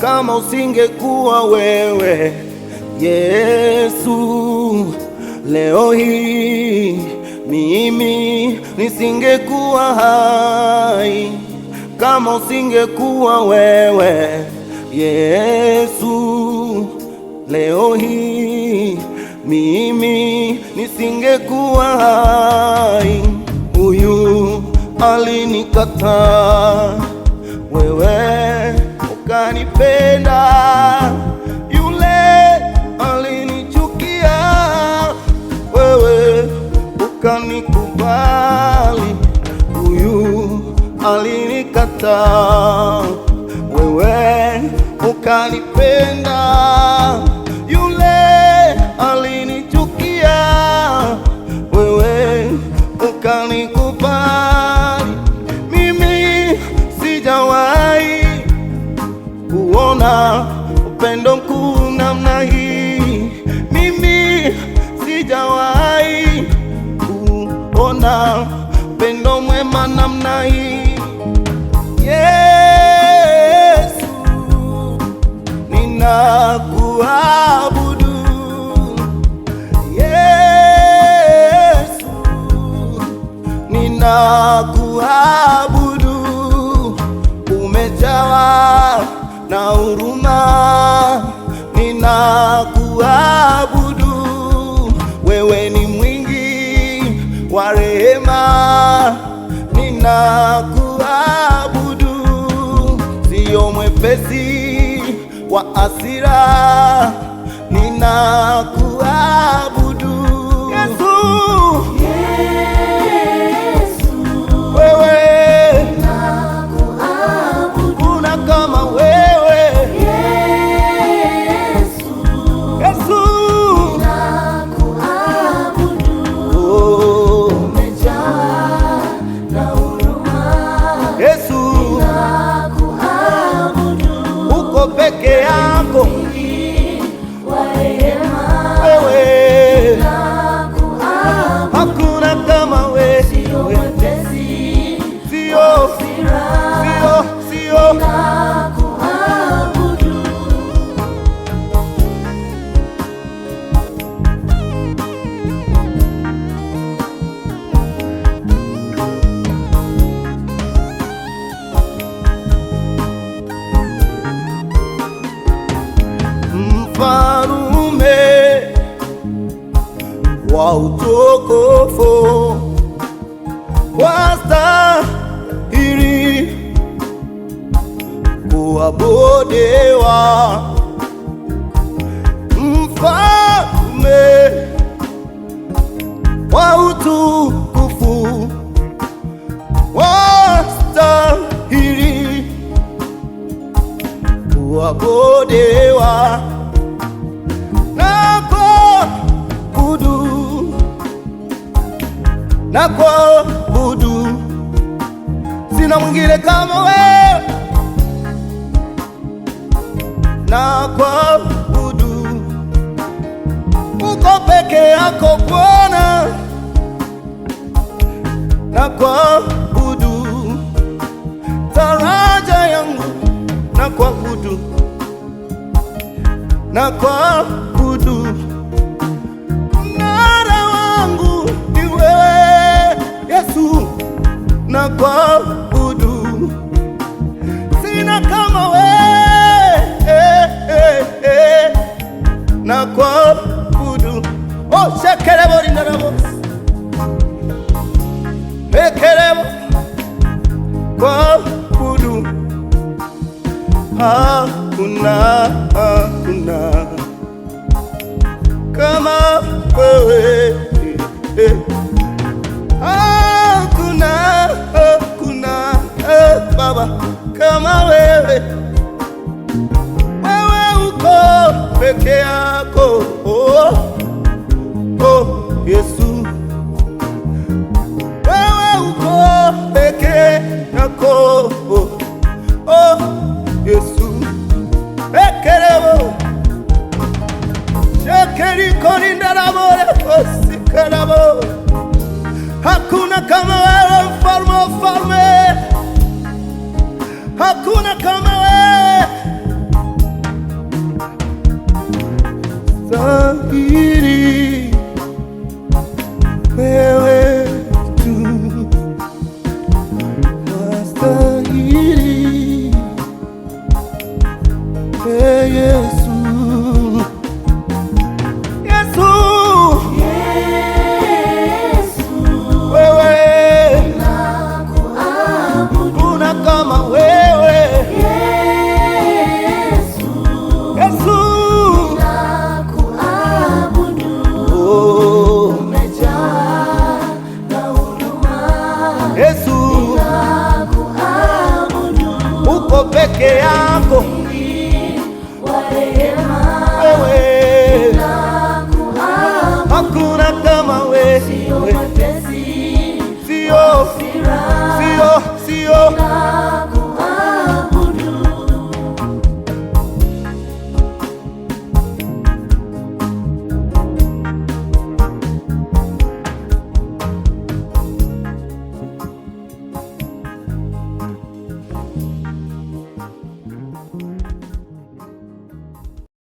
Kama usingekuwa wewe Yesu, leo hii mimi nisingekuwa hapa kama usingekuwa wewe Yesu, leo hii mimi nisingekuwa hai. Huyu alinikataa, wewe ukanipenda. Yule alinichukia, wewe ukanikubali alinikata wewe ukanipenda abudu, umejawa na huruma, ninakuabudu. Wewe ni mwingi wa rehema, ninakuabudu. Siyo mwepesi wa asira ninakuabudu wa utukufu, wastahili kuabudiwa, mfalme wa utukufu, wastahili kuabudiwa na kuabudu, sina mwingine kama wewe na kuabudu, uko peke yako Bwana na kuabudu, taraja yangu na kuabudu na kuabudu na kuabudu, sina kama we eh, eh, eh, na kuabudu oh, shekelebo lindarabo ekelebo kuabudu hakuna hakuna kama wewe Yesu, wewe uko peke yako. Oh, oh Yesu ekerebo shekerikorindaraboreosikarabo hakuna kama wewe mfalme wa falme, hakuna kama wewe sahi Yesu, uko peke yako.